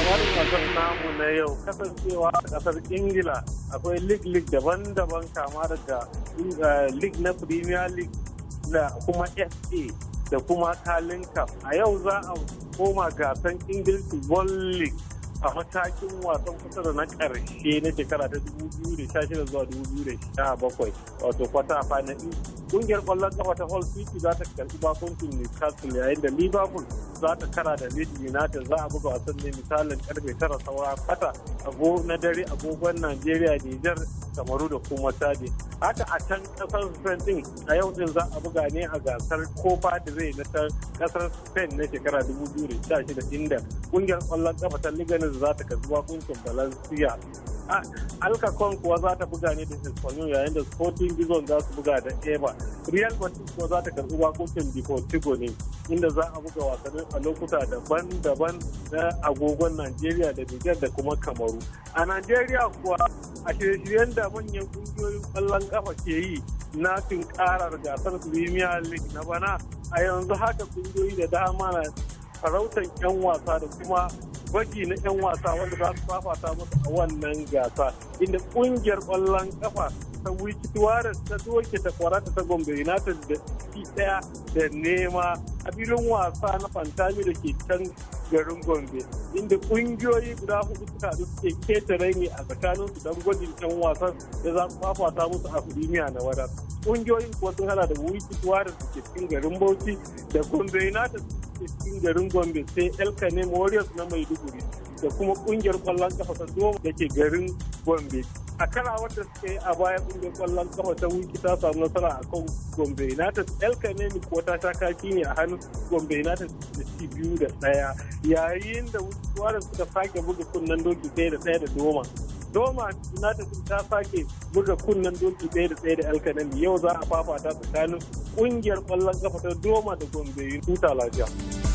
labarin wasan namu na yau kasancewa a kasar ingila akwai lig-lig daban-daban kama daga eh, lig na premier league da kuma fa da kuma kalin cup a yau za a koma gasan english football league a matakin wasan kusa da na karshe na shekara ta 2016 zuwa 2017 wato kwata final kungiyar kwallon kafa ta hall City za ta karbi bakuncin Newcastle yayin da Liverpool za ta kara da Leeds United za a buga wasan ne misalin karfe tara saura abu na dare agogon Najeriya Nijar Kamaru da kuma Sadi. Haka a can kasar Spain din a yau din za a buga ne a gasar Copa de rey na kasar Spain na shekara 2016 inda kungiyar kwallon kafa ta Liganes za ta karbi bakuncin Valencia alkakon kuwa za ta buga ne da espanyol yayin da sporting gizon za su buga da eba real madrid kuwa za ta karbi wakokin deportivo ne inda za a buga wasannin a lokuta daban-daban na agogon najeriya da Niger da kuma kamaru a najeriya kuwa a shirye-shiryen da manyan kungiyoyin kwallon kafa ke yi na tunkarar gasar premier league na bana a yanzu haka kungiyoyi da dama na farautar 'yan wasa da kuma bagi na 'yan wasa wanda za su fafata musu a wannan gasa inda kungiyar ƙwallon kafa ta wikituwarar ta doke ta kwarata ta gombe united da ci daya da nema a filin wasa na fantami da ke can garin gombe inda kungiyoyi guda hudu suka haɗu suke keta raini a tsakaninsu don gwajin 'yan wasan da za su fafata musu a kudimiya na wadar kungiyoyin kuwa sun hada da wikituwarar da ke cikin garin bauchi da gombe united cikin garin gombe sai Elkane warriors na maiduguri da kuma kungiyar kwallon kafa ta doma da ke garin gombe a kara wadda suka yi a baya kungiyar kwallon kafa ta wiki ta samu nasara a kan gombe united elkanim ko ta sha ne a hannun gombe united da ci biyu da ɗaya yayin da wiki suka sake buga kunnen doki ɗaya da ɗaya da doma Doma United ta sake buga kunnen doki ɗaya da ɗaya da alkanin yau za a fafata tsakanin ƙungiyar ƙwallon kafa ta Doma da Gombe Yuta Lafiya.